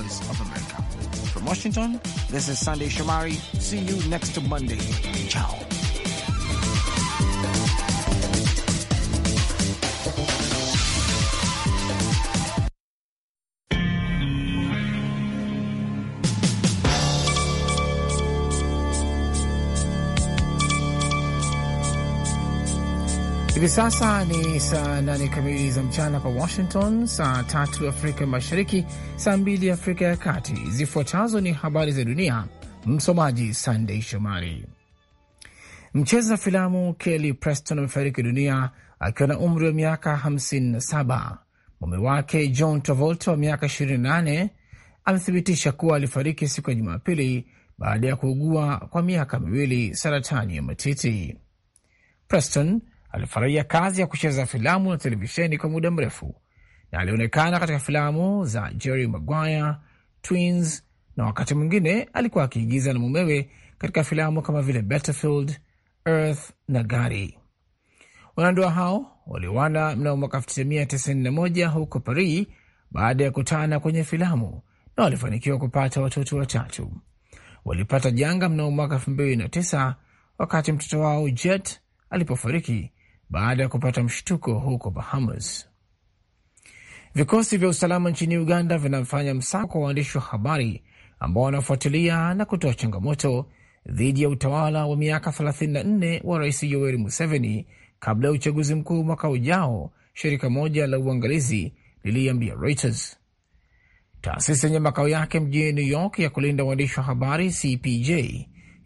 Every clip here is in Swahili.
Voice of America. From Washington, this is Sunday Shamari. See you next Monday. Ciao. Hivi sasa ni saa nane kamili za mchana kwa Washington, saa tatu Afrika Mashariki, saa mbili Afrika ya Kati. Zifuatazo ni habari za dunia, msomaji Sandei Shomari. Mcheza filamu Kelly Preston amefariki dunia akiwa na umri wa miaka 57. Mume wake John Travolta wa miaka 28 amethibitisha kuwa alifariki siku ya Jumapili baada ya kuugua kwa miaka miwili saratani ya matiti. Preston alifurahia kazi ya kucheza filamu na televisheni kwa muda mrefu na alionekana katika filamu za Jerry Maguire, Twins na wakati mwingine alikuwa akiigiza na mumewe katika filamu kama vile Battlefield, Earth na Gari. Wanandoa hao walioana mnamo mwaka 1991 huko Paris baada ya kutana kwenye filamu na walifanikiwa kupata watoto watatu. Walipata janga mnamo mwaka 2009 wakati mtoto wao Jet alipofariki baada ya kupata mshtuko huko Bahamas. Vikosi vya usalama nchini Uganda vinafanya msako kwa waandishi wa habari ambao wanafuatilia na kutoa changamoto dhidi ya utawala wa miaka 34 wa Rais Yoweri Museveni kabla ya uchaguzi mkuu mwaka ujao, shirika moja la uangalizi liliambia Reuters. Taasisi yenye makao yake mjini New York ya kulinda waandishi wa habari CPJ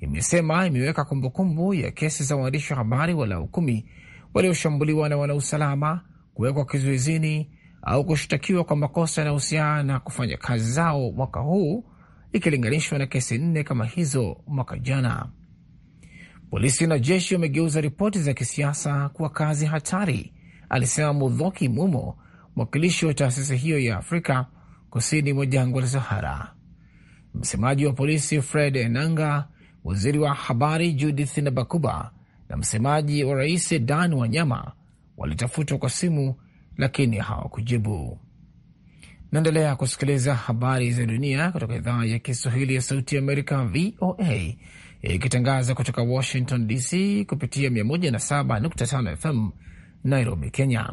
imesema imeweka kumbukumbu ya kesi za waandishi wa habari walau kumi walioshambuliwa na wanausalama, kuwekwa kizuizini au kushtakiwa kwa makosa yanayohusiana na kufanya kazi zao mwaka huu ikilinganishwa na kesi nne kama hizo mwaka jana. Polisi na jeshi wamegeuza ripoti za kisiasa kuwa kazi hatari, alisema Mudhoki Mumo, mwakilishi wa taasisi hiyo ya Afrika kusini mwa jangwa la Sahara. Msemaji wa polisi Fred Enanga, waziri wa habari Judith Nabakuba na msemaji wa rais Dan Wanyama walitafutwa kwa simu lakini hawakujibu. Naendelea kusikiliza habari za dunia kutoka idhaa ya Kiswahili ya Sauti ya Amerika, VOA, ikitangaza kutoka Washington DC kupitia 107.5 FM Nairobi, Kenya.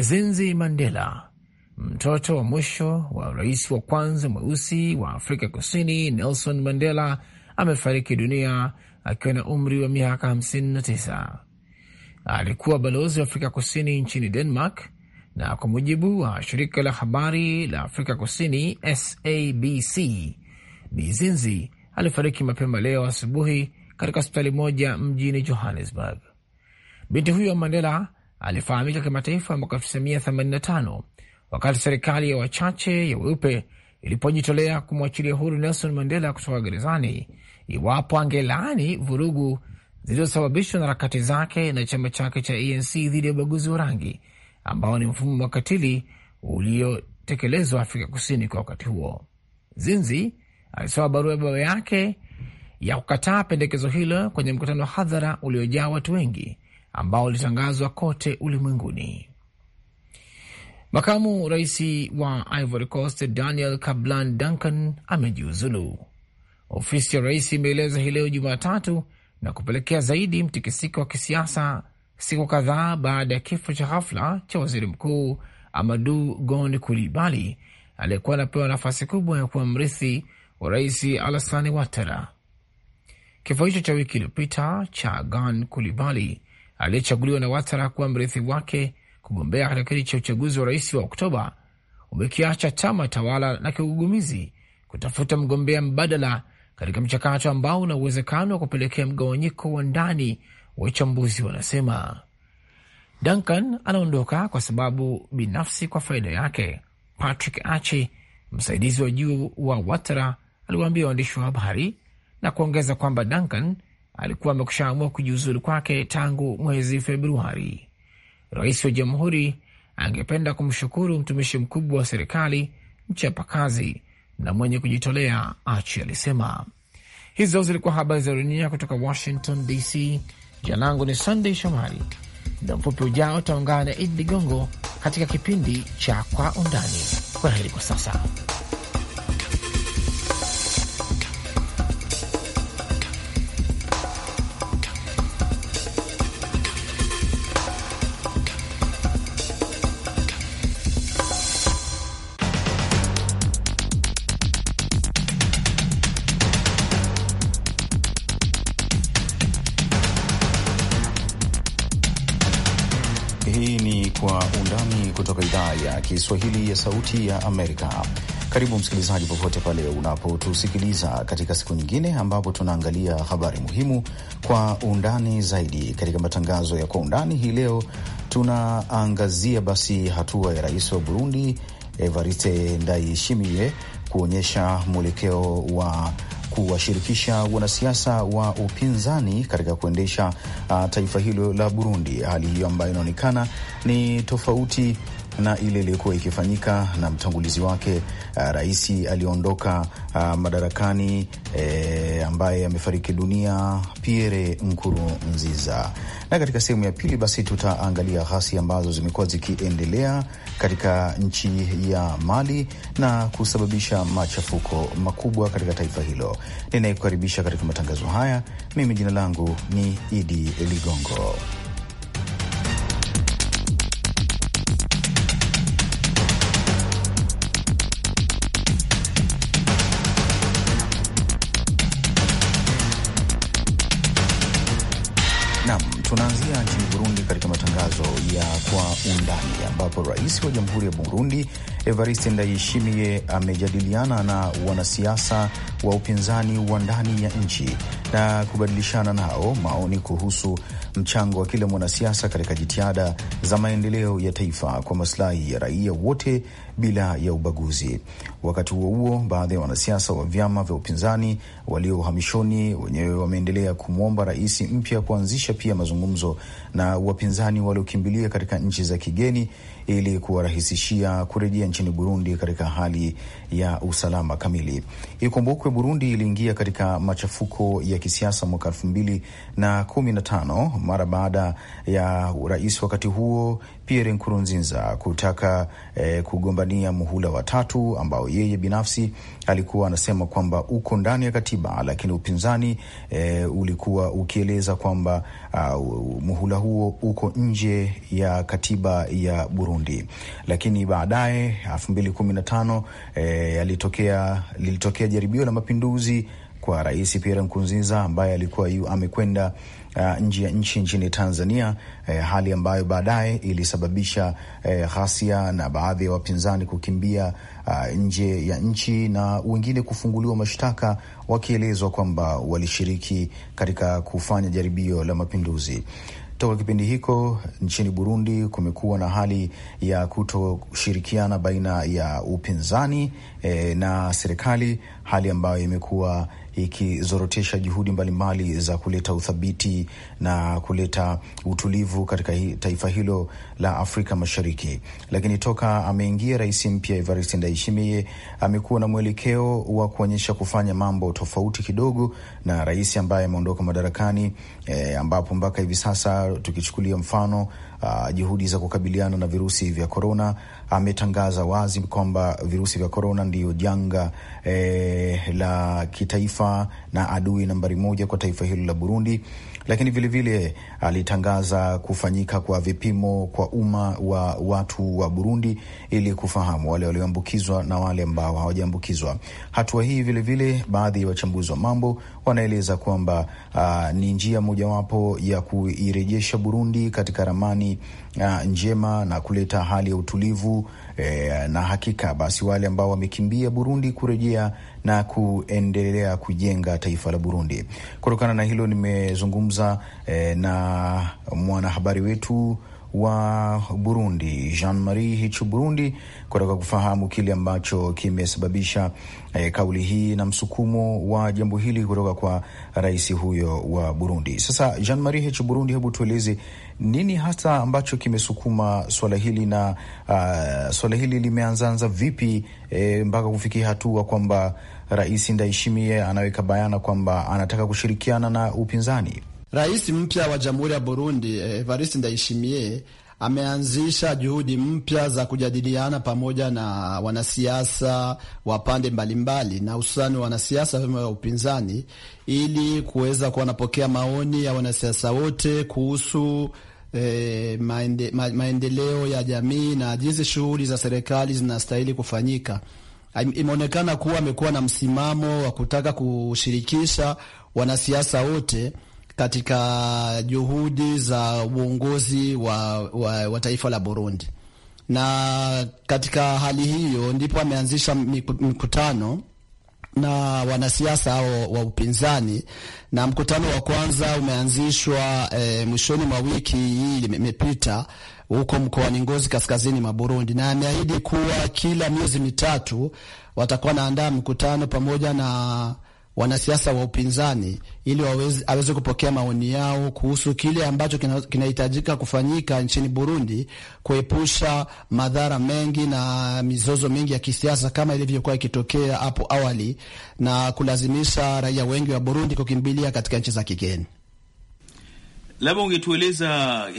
Zinzi Mandela, mtoto wa mwisho wa rais wa kwanza mweusi wa Afrika Kusini, Nelson Mandela, amefariki dunia akiwa na umri wa miaka 59. Alikuwa balozi wa Afrika Kusini nchini Denmark, na kwa mujibu wa shirika la habari la Afrika Kusini SABC, Bizinzi alifariki mapema leo asubuhi katika hospitali moja mjini Johannesburg. Binti huyo wa Mandela alifahamika kimataifa mwaka 1985 wakati serikali ya wachache ya weupe ilipojitolea kumwachilia huru Nelson Mandela kutoka gerezani iwapo angelaani vurugu zilizosababishwa na harakati zake na chama chake cha ANC dhidi ya ubaguzi wa rangi ambao ni mfumo wa katili uliotekelezwa Afrika Kusini kwa wakati huo. Zinzi alisoma barua ya baba yake ya kukataa pendekezo hilo kwenye mkutano wa hadhara uliojaa watu wengi ambao ulitangazwa kote ulimwenguni. Makamu rais wa Ivory Coast Daniel Kablan Duncan amejiuzulu. Ofisi ya rais imeeleza hii leo Jumatatu, na kupelekea zaidi mtikisiko wa kisiasa siku kadhaa baada ya kifo cha ghafla cha waziri mkuu Amadu Gon Kulibali aliyekuwa anapewa nafasi kubwa ya kuwa mrithi wa rais Alassane watara Kifo hicho cha wiki iliyopita cha Gon Kulibali aliyechaguliwa na Watara kuwa mrithi wake kugombea katika kiti cha uchaguzi wa rais wa Oktoba umekiacha chama tawala na kiugugumizi kutafuta mgombea mbadala katika mchakato ambao una uwezekano wa kupelekea mgawanyiko wa ndani, wachambuzi wanasema. Duncan anaondoka kwa sababu binafsi kwa faida yake, Patrick Achi, msaidizi wa juu wa Watara, aliwaambia waandishi wa habari na kuongeza kwamba Duncan alikuwa amekushaamua kujiuzulu kwake tangu mwezi Februari. Rais wa jamhuri angependa kumshukuru mtumishi mkubwa wa serikali, mchapakazi na mwenye kujitolea, Achi alisema. Hizo zilikuwa habari za dunia kutoka Washington DC. Jina langu ni sandey Shomari. Muda mfupi ujao utaungana na Idi Ligongo katika kipindi cha Kwa Undani. Kwa heri kwa sasa. Kiswahili ya Sauti ya Amerika. Karibu msikilizaji, popote pale unapotusikiliza katika siku nyingine ambapo tunaangalia habari muhimu kwa undani zaidi. Katika matangazo ya kwa undani hii leo tunaangazia basi hatua ya rais wa Burundi Evariste Ndayishimiye kuonyesha mwelekeo wa kuwashirikisha wanasiasa wa upinzani katika kuendesha uh, taifa hilo la Burundi, hali hiyo ambayo inaonekana ni tofauti na ile iliyokuwa ikifanyika na mtangulizi wake uh, rais aliyoondoka uh, madarakani eh, ambaye amefariki dunia Pierre Nkurunziza. Na katika sehemu ya pili basi tutaangalia ghasia ambazo zimekuwa zikiendelea katika nchi ya Mali na kusababisha machafuko makubwa katika taifa hilo. Ninayekukaribisha katika matangazo haya mimi, jina langu ni Idi Ligongo. Tunaanzia nchini Burundi katika matangazo ya kwa undani, ambapo rais wa jamhuri ya Burundi Evariste Ndayishimiye amejadiliana na wanasiasa wa upinzani wa ndani ya nchi na kubadilishana nao maoni kuhusu mchango wa kila mwanasiasa katika jitihada za maendeleo ya taifa kwa masilahi ya raia wote bila ya ubaguzi. Wakati huo huo, baadhi ya wanasiasa wa vyama vya upinzani walio uhamishoni wenyewe wameendelea kumwomba rais mpya kuanzisha pia mazungumzo na wapinzani waliokimbilia katika nchi za kigeni ili kuwarahisishia kurejea nchini Burundi katika hali ya usalama kamili. Ikumbukwe Burundi iliingia katika machafuko ya kisiasa mwaka elfu mbili na kumi na tano mara baada ya rais wakati huo Pierre Nkurunziza kutaka eh, kugombania muhula wa tatu ambao yeye binafsi alikuwa anasema kwamba uko ndani ya katiba, lakini upinzani eh, ulikuwa ukieleza kwamba uh, muhula huo uko nje ya katiba ya Burundi. Lakini baadaye elfu mbili kumi na tano eh, alitokea lilitokea jaribio la mapinduzi kwa Rais Pierre Nkurunziza ambaye alikuwa amekwenda uh, nje ya nchi nchini Tanzania eh, hali ambayo baadaye ilisababisha eh, ghasia na baadhi ya wapinzani kukimbia uh, nje ya nchi na wengine kufunguliwa mashtaka wakielezwa kwamba walishiriki katika kufanya jaribio la mapinduzi. Toka kipindi hiko nchini Burundi kumekuwa na hali ya kutoshirikiana baina ya upinzani eh, na serikali, hali ambayo imekuwa ikizorotesha juhudi mbalimbali za kuleta uthabiti na kuleta utulivu katika taifa hilo la Afrika Mashariki. Lakini toka ameingia rais mpya Evariste Ndayishimiye amekuwa na mwelekeo wa kuonyesha kufanya mambo tofauti kidogo na rais ambaye ameondoka madarakani, e, ambapo mpaka hivi sasa tukichukulia mfano uh, juhudi za kukabiliana na virusi vya korona. Ametangaza wazi kwamba virusi vya korona ndiyo janga eh, la kitaifa na adui nambari moja kwa taifa hilo la Burundi lakini vilevile vile, alitangaza kufanyika kwa vipimo kwa umma wa watu wa Burundi ili kufahamu wale walioambukizwa na wale ambao hawajaambukizwa. Hatua hii vilevile, baadhi ya wachambuzi wa mambo wanaeleza kwamba uh, ni njia mojawapo ya kuirejesha Burundi katika ramani uh, njema na kuleta hali ya utulivu eh, na hakika basi wale ambao wamekimbia Burundi kurejea na kuendelea kujenga taifa la Burundi. Kutokana na hilo nimezungumza eh, na mwanahabari wetu wa Burundi Jean Marie Hichu Burundi kutaka kufahamu kile ambacho kimesababisha eh, kauli hii na msukumo wa jambo hili kutoka kwa rais huyo wa Burundi. Sasa Jean Marie Hichu Burundi, hebu tueleze nini hasa ambacho kimesukuma swala hili na uh, swala hili limeanzaanza vipi eh, mpaka kufikia hatua kwamba Rais Ndayishimiye anaweka bayana kwamba anataka kushirikiana na upinzani? Rais mpya wa Jamhuri ya Burundi eh, Evariste Ndayishimiye ameanzisha juhudi mpya za kujadiliana pamoja na wanasiasa wa pande mbalimbali na hususani wanasiasa vyama vya upinzani ili kuweza kuwa napokea maoni ya wanasiasa wote kuhusu eh, maende, ma, maendeleo ya jamii na jinsi shughuli za serikali zinastahili kufanyika. Imeonekana kuwa amekuwa na msimamo wa kutaka kushirikisha wanasiasa wote katika juhudi za uongozi wa, wa, wa taifa la Burundi, na katika hali hiyo ndipo ameanzisha mikutano na wanasiasa au wa upinzani na mkutano wa kwanza umeanzishwa e, mwishoni mwa wiki hii imepita huko mkoani Ngozi kaskazini mwa Burundi, na ameahidi kuwa kila miezi mitatu watakuwa naandaa mkutano pamoja na wanasiasa wa upinzani ili waweze, aweze kupokea maoni yao kuhusu kile ambacho kinahitajika kina kufanyika nchini Burundi kuepusha madhara mengi na mizozo mingi ya kisiasa kama ilivyokuwa ikitokea hapo awali na kulazimisha raia wengi wa Burundi kukimbilia katika nchi za kigeni labda ungetueleza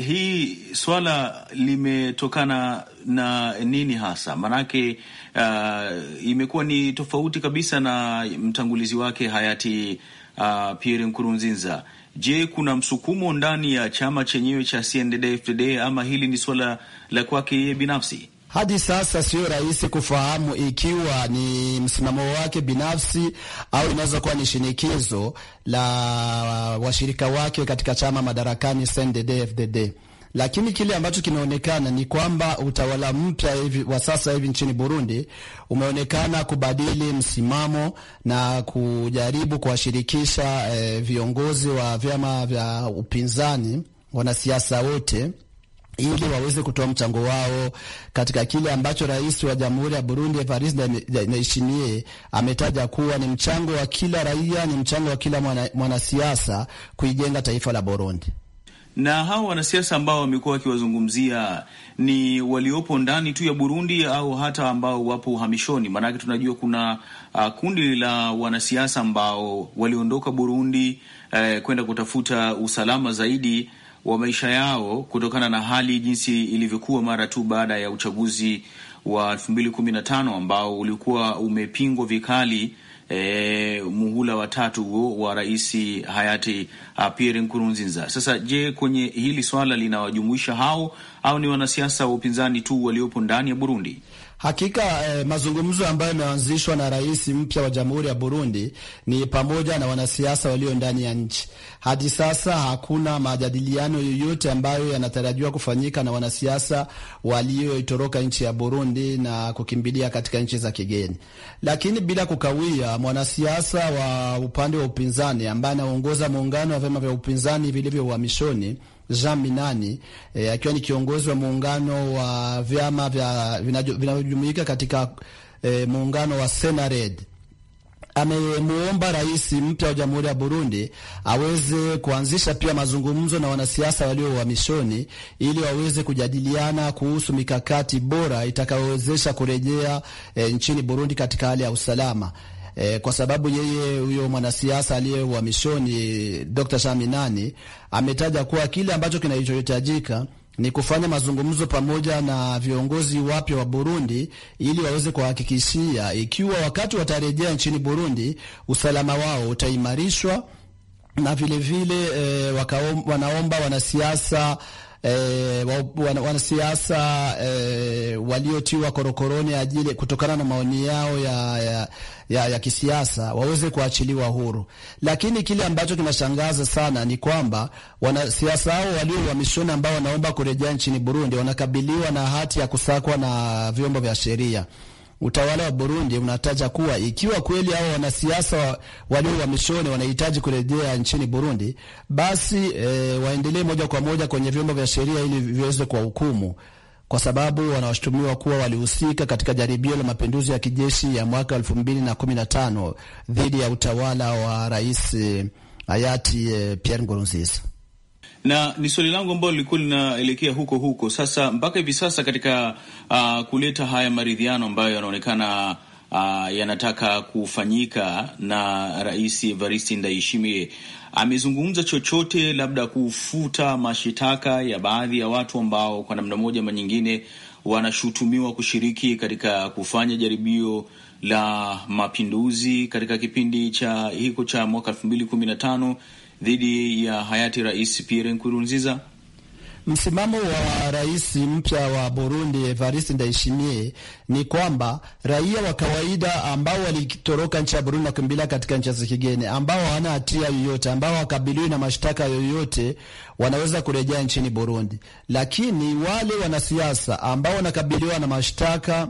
hii swala limetokana na nini hasa? Maanake uh, imekuwa ni tofauti kabisa na mtangulizi wake hayati uh, Pierre Nkurunziza. Je, kuna msukumo ndani ya chama chenyewe cha CNDD-FDD ama hili ni swala la kwake yeye binafsi? Hadi sasa sio rahisi kufahamu ikiwa ni msimamo wake binafsi au inaweza kuwa ni shinikizo la washirika wake katika chama madarakani CNDD-FDD, lakini kile ambacho kinaonekana ni kwamba utawala mpya hivi wa sasa hivi nchini Burundi umeonekana kubadili msimamo na kujaribu kuwashirikisha eh, viongozi wa vyama vya upinzani, wanasiasa wote ili waweze kutoa mchango wao katika kile ambacho rais wa Jamhuri ya Burundi Evariste Ndayishimiye ametaja kuwa ni mchango wa kila raia, ni mchango wa kila mwanasiasa mwana kuijenga taifa la Burundi. Na hawa wanasiasa ambao wamekuwa wakiwazungumzia ni waliopo ndani tu ya Burundi au hata ambao wapo uhamishoni? Maanake tunajua kuna uh, kundi la wanasiasa ambao waliondoka Burundi eh, kwenda kutafuta usalama zaidi wa maisha yao kutokana na hali jinsi ilivyokuwa mara tu baada ya uchaguzi wa 2015 ambao ulikuwa umepingwa vikali. E, muhula wa tatu huo wa rais hayati eh, Pierre Nkurunziza. Sasa je, kwenye hili swala linawajumuisha hao au ni wanasiasa wa upinzani tu waliopo ndani ya Burundi? Hakika eh, mazungumzo ambayo yameanzishwa na rais mpya wa Jamhuri ya Burundi ni pamoja na wanasiasa walio ndani ya nchi. Hadi sasa hakuna majadiliano yoyote ambayo yanatarajiwa kufanyika na wanasiasa walioitoroka nchi ya Burundi na kukimbilia katika nchi za kigeni. Lakini bila kukawia, mwanasiasa wa upande wa upinzani ambaye anaongoza muungano wa vyama vya upinzani vilivyo uhamishoni Jean Minani e, akiwa ni kiongozi wa muungano wa vyama vya vinavyojumuika katika e, muungano wa Senared amemuomba rais mpya wa Jamhuri ya Burundi aweze kuanzisha pia mazungumzo na wanasiasa walio uhamishoni ili waweze kujadiliana kuhusu mikakati bora itakayowezesha kurejea e, nchini Burundi katika hali ya usalama eh, kwa sababu yeye huyo mwanasiasa aliye uhamishoni Dr. Shaminani ametaja kuwa kile ambacho kinachohitajika ni kufanya mazungumzo pamoja na viongozi wapya wa Burundi ili waweze kuhakikishia ikiwa wakati watarejea nchini Burundi usalama wao utaimarishwa na vilevile vile, eh, wanaomba wanasiasa e, wanasiasa e, waliotiwa korokoroni ajili kutokana na maoni yao ya, ya, ya, ya kisiasa waweze kuachiliwa huru. Lakini kile ambacho kinashangaza sana ni kwamba wanasiasa hao walio uhamishoni ambao wanaomba kurejea nchini Burundi wanakabiliwa na hati ya kusakwa na vyombo vya sheria. Utawala wa Burundi unataja kuwa ikiwa kweli hao wanasiasa walio wamishoni wanahitaji kurejea nchini Burundi, basi e, waendelee moja kwa moja kwenye vyombo vya sheria ili viweze kuwahukumu, kwa sababu wanawashutumiwa kuwa walihusika katika jaribio la mapinduzi ya kijeshi ya mwaka elfu mbili na kumi na tano dhidi ya utawala wa rais eh, hayati eh, Pierre Nkurunziza na ni swali langu ambalo lilikuwa linaelekea huko huko sasa, mpaka hivi sasa katika uh, kuleta haya maridhiano ambayo yanaonekana uh, yanataka kufanyika, na Rais Evariste Ndayishimiye amezungumza chochote, labda kufuta mashitaka ya baadhi ya watu ambao kwa namna moja ama nyingine wanashutumiwa kushiriki katika kufanya jaribio la mapinduzi katika kipindi cha hiko cha mwaka elfu mbili kumi na tano dhidi ya hayati Rais Pierre Nkurunziza. Msimamo wa rais mpya wa Burundi Evariste Ndayishimiye ni kwamba raia wa kawaida ambao walitoroka nchi ya Burundi na kukimbilia katika nchi za kigeni, ambao hawana hatia yoyote, ambao wakabiliwi na mashtaka yoyote, wanaweza kurejea nchini Burundi, lakini wale wanasiasa ambao wanakabiliwa na mashtaka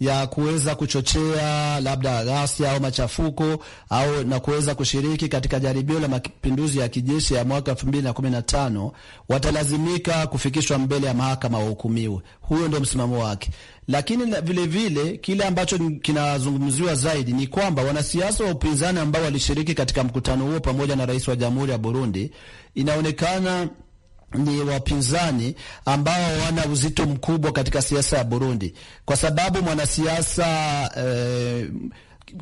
ya kuweza kuchochea labda ghasia au machafuko au na kuweza kushiriki katika jaribio la mapinduzi ya kijeshi ya mwaka 2015 watalazimika kufikishwa mbele ya mahakama wahukumiwe. Huyo ndio msimamo wake, lakini vilevile kile ambacho kinazungumziwa zaidi ni kwamba wanasiasa wa upinzani ambao walishiriki katika mkutano huo pamoja na rais wa jamhuri ya Burundi inaonekana ni wapinzani ambao wana uzito mkubwa katika siasa ya Burundi, kwa sababu mwanasiasa eh,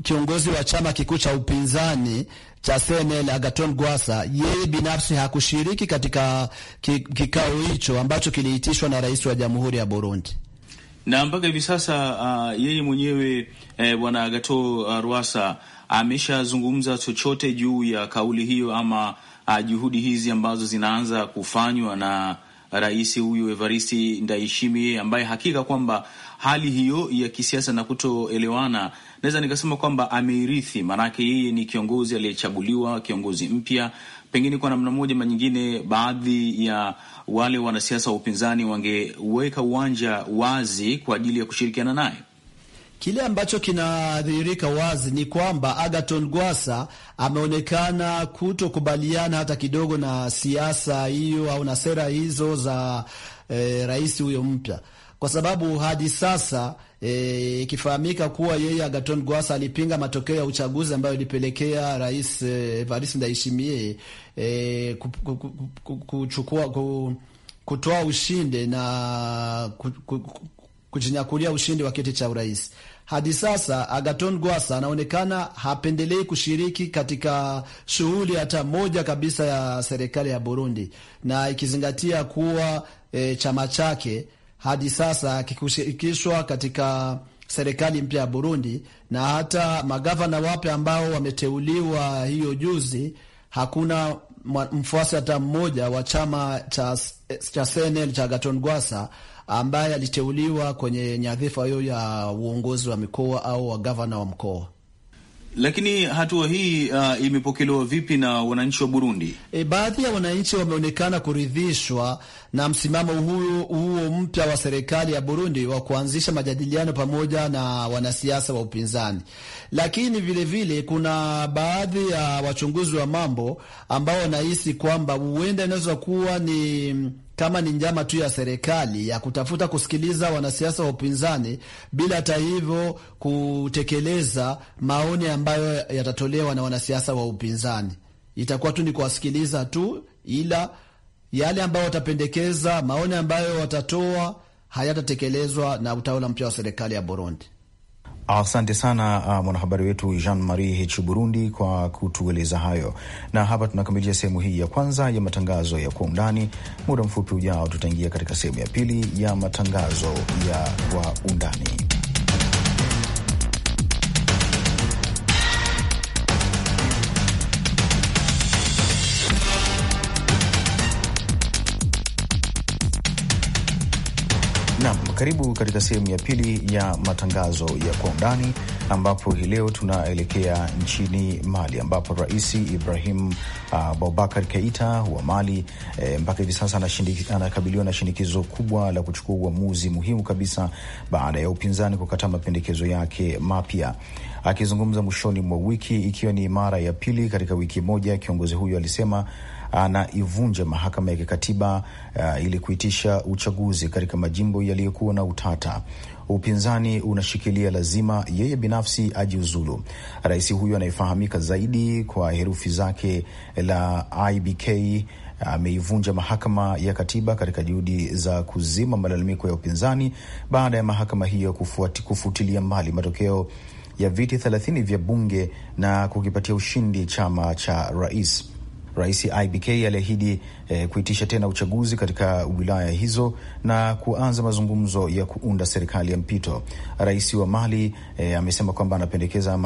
kiongozi wa chama kikuu cha upinzani cha CNL Agaton Gwasa, yeye binafsi hakushiriki katika kikao hicho ambacho kiliitishwa na rais wa Jamhuri ya Burundi na mpaka hivi sasa uh, yeye mwenyewe eh, bwana eh, Agato uh, ah, Rwasa ameshazungumza chochote juu ya kauli hiyo ama uh, juhudi hizi ambazo zinaanza kufanywa na rais huyu Evaristi Ndaishimie, ambaye hakika kwamba hali hiyo ya kisiasa na kutoelewana naweza nikasema kwamba ameirithi, maanake yeye ni kiongozi aliyechaguliwa, kiongozi mpya. Pengine kwa namna moja manyingine, baadhi ya wale wanasiasa wa upinzani wangeweka uwanja wazi kwa ajili ya kushirikiana naye. Kile ambacho kinadhihirika wazi ni kwamba Agaton Gwasa ameonekana kutokubaliana hata kidogo na siasa hiyo au na sera hizo za e, rais huyo mpya, kwa sababu hadi sasa eh, ikifahamika e, kuwa yeye Agaton Gwasa alipinga matokeo ya uchaguzi ambayo ilipelekea rais eh, Evariste Ndayishimiye e, kuchukua kutoa ushinde na kujinyakulia ushindi wa kiti cha urais. Hadi sasa Agaton Gwasa anaonekana hapendelei kushiriki katika shughuli hata moja kabisa ya serikali ya Burundi, na ikizingatia kuwa e, chama chake hadi sasa akikushirikishwa katika serikali mpya ya Burundi, na hata magavana wapya ambao wameteuliwa hiyo juzi, hakuna mfuasi hata mmoja wa chama cha, cha CNL cha Agaton Gwasa ambaye aliteuliwa kwenye nyadhifa hiyo ya uongozi wa mikoa au wa gavana wa mkoa. Lakini hatua hii uh, imepokelewa vipi na wananchi wa Burundi? E, baadhi ya wananchi wameonekana kuridhishwa na msimamo huo huo mpya wa serikali ya Burundi wa kuanzisha majadiliano pamoja na wanasiasa wa upinzani, lakini vilevile vile, kuna baadhi ya wachunguzi wa mambo ambao wanahisi kwamba huenda inaweza kuwa ni kama ni njama tu ya serikali ya kutafuta kusikiliza wanasiasa wa upinzani bila hata hivyo kutekeleza maoni ambayo yatatolewa na wanasiasa wa upinzani. Itakuwa tu ni kuwasikiliza tu, ila yale ambayo watapendekeza, maoni ambayo watatoa hayatatekelezwa na utawala mpya wa serikali ya Burundi. Asante sana uh, mwanahabari wetu Jean Marie h Burundi kwa kutueleza hayo, na hapa tunakamilisha sehemu hii ya kwanza ya matangazo ya kwa undani. Muda mfupi ujao, tutaingia katika sehemu ya pili ya matangazo ya kwa undani. Karibu katika sehemu ya pili ya matangazo ya kwa undani, ambapo hii leo tunaelekea nchini Mali ambapo Rais Ibrahim uh, Boubacar Keita wa Mali eh, mpaka hivi sasa anakabiliwa na shinikizo kubwa la kuchukua uamuzi muhimu kabisa baada ya upinzani kukataa mapendekezo yake mapya. Akizungumza mwishoni mwa wiki, ikiwa ni mara ya pili katika wiki moja, kiongozi huyo alisema Ah, na ivunje mahakama ya kikatiba uh, ili kuitisha uchaguzi katika majimbo yaliyokuwa na utata. Upinzani unashikilia lazima yeye binafsi ajiuzulu. Rais huyo anayefahamika zaidi kwa herufi zake la IBK ah, ameivunja mahakama ya katiba katika juhudi za kuzima malalamiko ya upinzani baada ya mahakama hiyo kufuati, kufutilia mbali matokeo ya viti thelathini vya bunge na kukipatia ushindi chama cha rais. Rais IBK aliahidi eh, kuitisha tena uchaguzi katika wilaya hizo na kuanza mazungumzo ya kuunda serikali ya mpito. Rais wa Mali eh, amesema kwamba anapendekeza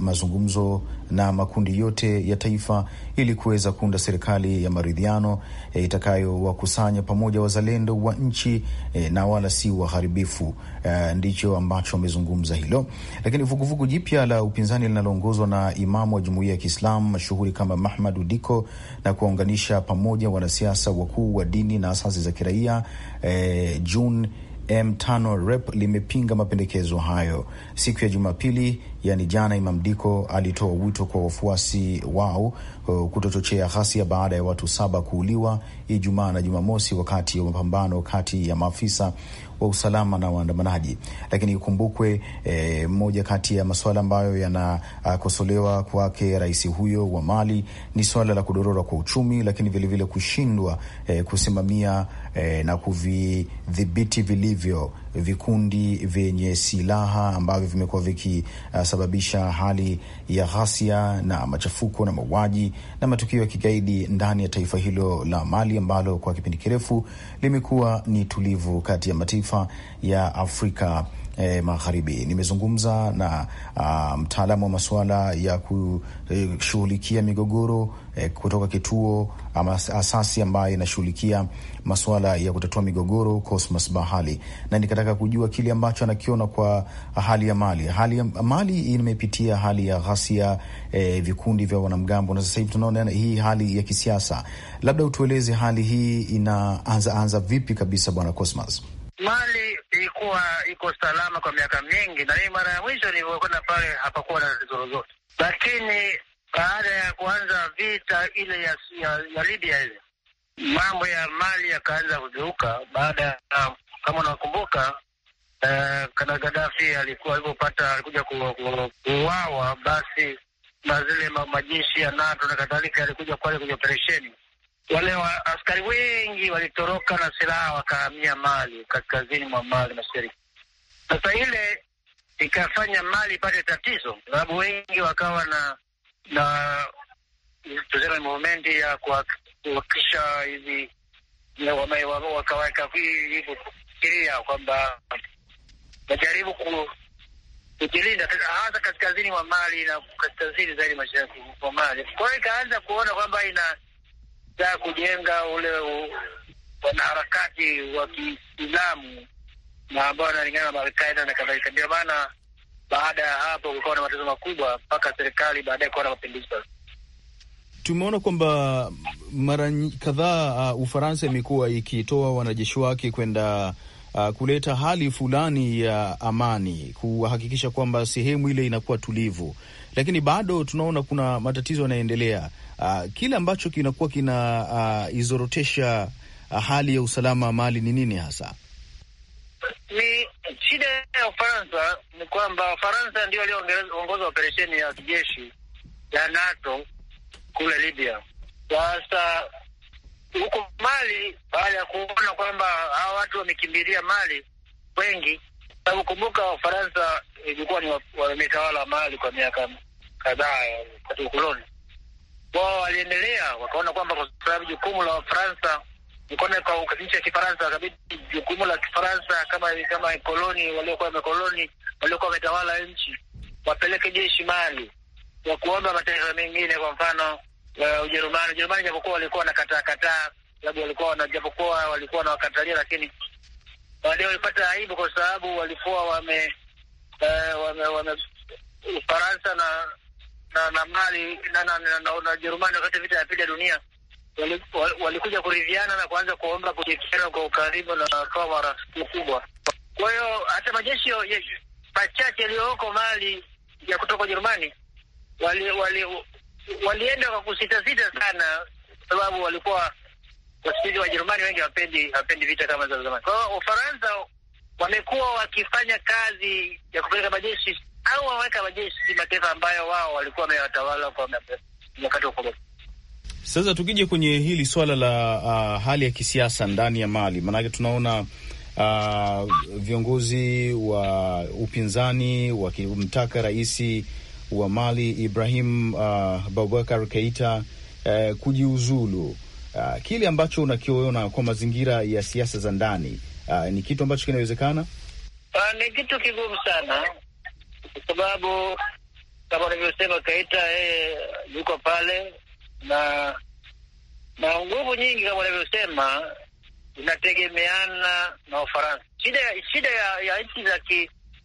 mazungumzo na makundi yote ya taifa ili kuweza kuunda serikali ya maridhiano eh, itakayowakusanya pamoja wazalendo wa nchi eh, na wala si waharibifu. Eh, ndicho ambacho wamezungumza hilo, lakini vuguvugu jipya la upinzani linaloongozwa na imamu wa jumuiya ya Kiislamu mashuhuri kama Mahmadu Diko na kuwaunganisha pamoja wanasiasa wakuu wa dini na asasi za kiraia eh, June M5 Rep limepinga mapendekezo hayo siku ya Jumapili yani jana, Imam Diko alitoa wito kwa wafuasi wao uh, kutochochea ghasia baada ya watu saba kuuliwa Ijumaa na Jumamosi wakati wa mapambano kati ya maafisa wa usalama na waandamanaji. Lakini ikumbukwe mmoja uh, kati ya masuala ambayo yanakosolewa kwake rais huyo wa Mali ni suala la kudorora kwa uchumi, lakini vilevile kushindwa e, kusimamia e, na kuvidhibiti vilivyo vikundi vyenye silaha ambavyo vimekuwa vikisababisha uh, hali ya ghasia na machafuko na mauaji na matukio ya kigaidi ndani ya taifa hilo la Mali ambalo kwa kipindi kirefu limekuwa ni tulivu kati ya mataifa ya Afrika e, magharibi. Nimezungumza na uh, mtaalamu wa masuala ya kushughulikia e, migogoro e, kutoka kituo ama asasi ambayo inashughulikia masuala ya kutatua migogoro Cosmas Bahali, na nikataka kujua kile ambacho anakiona kwa hali ya Mali. Hali ya Mali imepitia hali ya ghasia e, vikundi vya wanamgambo, na sasa hivi tunaona hii hali ya kisiasa. Labda utueleze hali hii inaanza anza vipi kabisa, bwana Cosmas? Mali haikuwa iko salama kwa miaka mingi, na mimi mara ya mwisho nilivyokwenda pale hapakuwa na tatizo lolote, lakini baada ya kuanza vita ile ya, ya, ya Libya ile mambo ya mali yakaanza kugeuka. Baada ya kama unakumbuka uh, eh, kana Gaddafi alikuwa alipopata alikuja kuuawa, basi na zile majeshi ya NATO na kadhalika yalikuja kwale kwenye operesheni wale wa askari wengi walitoroka na silaha wakahamia Mali, kaskazini mwa Mali mashariki. Sasa ile ikafanya Mali ipate tatizo, sababu wengi wakawa na na tuseme movementi ya kuhakikisha hivi wakaweka kufikiria kwamba wajaribu kujilinda hasa kaskazini mwa Mali na kaskazini zaidi mashariki mwa Mali. Kwa hiyo ikaanza kuona kwamba ina kutaka kujenga ule wanaharakati wa Kiislamu na ambao wanalingana na Marekani na kadhalika. Ndio maana baada ya hapo kukawa na matatizo makubwa mpaka serikali baadaye kuwa na mapinduzi. Tumeona kwamba mara kadhaa uh, Ufaransa imekuwa ikitoa wanajeshi wake kwenda uh, kuleta hali fulani ya uh, amani, kuhakikisha kwamba sehemu ile inakuwa tulivu, lakini bado tunaona kuna matatizo yanaendelea uh, kile ambacho kinakuwa kina uh, izorotesha uh, hali ya usalama wa mali ni nini hasa? Ni shida ya Ufaransa ni kwamba Ufaransa ndio walioongoza operesheni ya kijeshi ya NATO kule Libya. Sasa huko Mali, baada ya kuona kwamba hawa watu wamekimbilia Mali wengi, sababu kumbuka Wafaransa ilikuwa ni wametawala Mali kwa miaka kadhaa katika ukoloni wao waliendelea wakaona kwamba kwa sababu jukumu la Wafaransa mkone kwa nchi ya Kifaransa wakabidi jukumu la Kifaransa kama kama koloni waliokuwa wamekoloni waliokuwa wametawala nchi wapeleke jeshi Mali wa kuomba mataifa mengine, kwa mfano uh, Ujerumani. Ujerumani japokuwa walikuwa na kataa kataa, labda walikuwa wana japokuwa walikuwa na wakatalia, lakini baadaye walipata aibu kwa sababu walikuwa wame, uh, wame, wame Ufaransa na na na Mali na na, na, na, na wakati vita ya pili ya dunia walikuja kuridhiana na kuanza kuomba kujikiana kwa ukaribu na kwa marafiki kubwa. Kwa hiyo hata majeshi machache yaliyoko Mali ya kutoka Ujerumani wali, wali, walienda kwa kusitasita sana, sababu walikuwa wasikizi wa Jerumani wengi hawapendi hawapendi vita kama za zamani. Kwa hiyo Ufaransa wamekuwa wakifanya kazi ya kupeleka majeshi au waweka majeshi mataifa ambayo wao walikuwa wamewatawala kwa wakati wa ukoloni. Sasa tukija kwenye hili swala la uh, hali ya kisiasa ndani ya Mali, maanake tunaona uh, viongozi wa upinzani wakimtaka rais wa Mali Ibrahim uh, Babakar Keita uh, kujiuzulu. Uh, kile ambacho unakiona kwa mazingira ya siasa za ndani uh, ni kitu ambacho kinawezekana? Uh, ni kitu kigumu sana kwa sababu kama anavyosema Kaita, yeye yuko pale na na nguvu nyingi kama wanavyosema inategemeana na Ufaransa. Shida shida ya, ya nchi za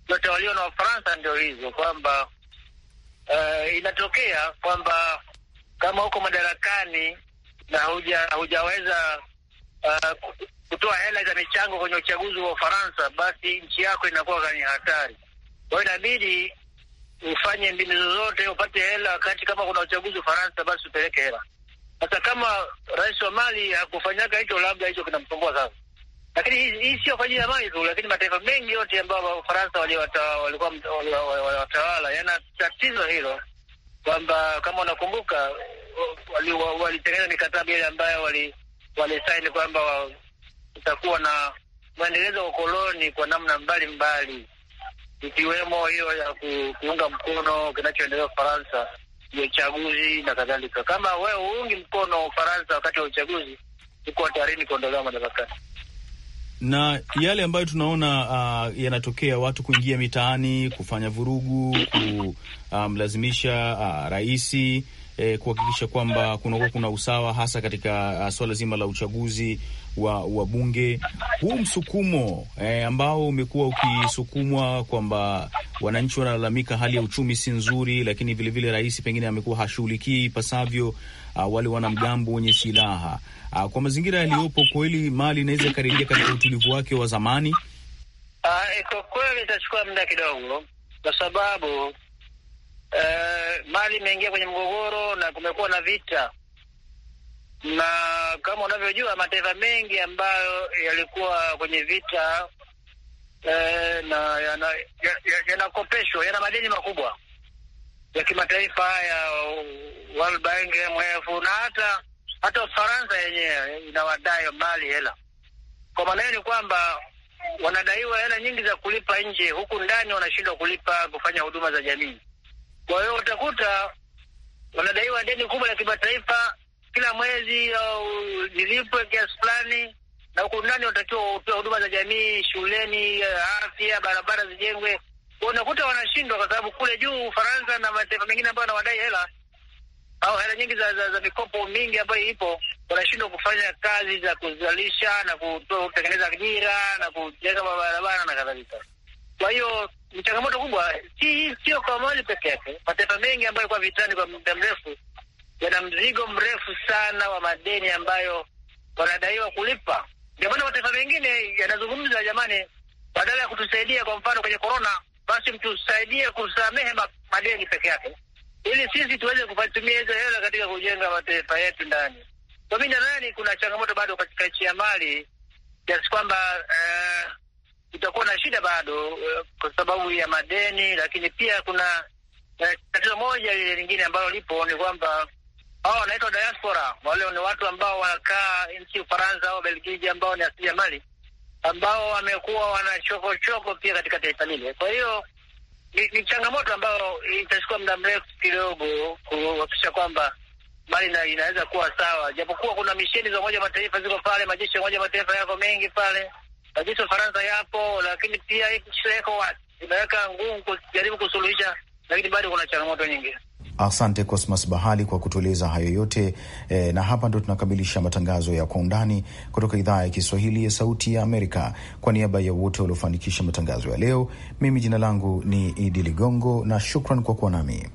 kiotawaliwa na Ufaransa ndio hizo kwamba uh, inatokea kwamba kama uko madarakani na huja, hujaweza uh, kutoa hela za michango kwenye uchaguzi wa Ufaransa, basi nchi yako inakuwa kani hatari. Kwa hiyo inabidi ufanye mbinu zozote upate hela, wakati kama kuna uchaguzi Ufaransa, basi upeleke hela. Sasa kama rais wa Mali hakufanyaga hicho, labda hicho kinamsumbua sasa. Lakini hii sio kwa ajili ya Mali tu, lakini mataifa mengi yote ambayo Ufaransa walikuwa watawala yana tatizo hilo, kwamba kama unakumbuka walitengeneza mikataba ile ambayo walisaini kwamba itakuwa na mwendelezo wa ukoloni kwa namna mbalimbali ikiwemo hiyo ya kuunga mkono kinachoendelea Ufaransa ya uchaguzi na kadhalika. Kama wewe huungi mkono Ufaransa wakati wa uchaguzi, uko hatarini kuondolewa madarakani na yale ambayo tunaona uh, yanatokea, watu kuingia mitaani kufanya vurugu, kumlazimisha um, uh, raisi eh, kuhakikisha kwamba kunakuwa kuna usawa hasa katika uh, swala zima la uchaguzi wa, wa bunge. Huu msukumo eh, ambao umekuwa ukisukumwa kwamba wananchi wanalalamika hali ya uchumi si nzuri, lakini vilevile rais pengine amekuwa hashughulikii ipasavyo uh, wale wanamgambo wenye silaha uh, kwa mazingira yaliyopo, kweli Mali inaweza ikarejea katika utulivu wake wa zamani? Ah, eh, kwa kweli itachukua muda kidogo, kwa sababu uh, Mali imeingia kwenye mgogoro na kumekuwa na vita na kama unavyojua mataifa mengi ambayo yalikuwa kwenye vita e, na yanakopeshwa ya, ya, ya yana madeni makubwa ya kimataifa haya World Bank, na hata hata Ufaransa yenyewe inawadai mbali hela. Kwa maana hiyo ni kwamba wanadaiwa hela nyingi za kulipa nje, huku ndani wanashindwa kulipa kufanya huduma za jamii. Kwa hiyo utakuta wanadaiwa deni kubwa la kimataifa kila mwezi au nilipwe kiasi fulani, na huku ndani wanatakiwa wapewa huduma za jamii, shuleni, afya, barabara zijengwe. Unakuta wanashindwa kwa sababu kule juu Ufaransa na mataifa mengine ambayo wanawadai hela au hela nyingi za, za, za mikopo mingi ambayo ipo, wanashindwa kufanya kazi za kuzalisha na kutengeneza ajira na kujenga barabara na kadhalika. Kwa hiyo ni changamoto kubwa, si sio kwa Mali peke yake, mataifa mengi ambayo kwa vitani kwa muda mrefu yana mzigo mrefu sana wa madeni ambayo wanadaiwa kulipa. Ndio maana mataifa mengine yanazungumza, jamani, badala ya kutusaidia, kwa mfano kwenye korona, basi mtusaidie kusamehe madeni peke yake, ili sisi tuweze kutumia hizo hela katika kujenga mataifa yetu ndani. Kwa mi nadhani kuna changamoto bado katika nchi ya Mali kiasi kwamba uh, itakuwa na shida bado uh, kwa sababu ya madeni, lakini pia kuna eh, tatizo uh, moja lile lingine ambalo lipo ni kwamba hao oh, wanaitwa diaspora. Wale ni watu ambao wanakaa nchi Ufaransa au Belgiji, ambao ni asili ya Mali, ambao wamekuwa wanachokochoko pia katika taifa lile. Kwa hiyo ni, ni changamoto ambayo itachukua muda mrefu kidogo kuhakikisha kwamba Mali na inaweza kuwa sawa, japokuwa kuna misheni za Umoja Mataifa ziko pale, majeshi ya Umoja Mataifa yako mengi pale, majeshi ya Ufaransa yapo, lakini pia inaweka nguvu kujaribu kusuluhisha, lakini bado kuna changamoto nyingi. Asante Cosmas Bahali kwa kutueleza hayo yote e, na hapa ndo tunakamilisha matangazo ya kwa undani kutoka idhaa ya Kiswahili ya Sauti ya Amerika. Kwa niaba ya wote waliofanikisha matangazo ya leo, mimi jina langu ni Idi Ligongo na shukran kwa kuwa nami.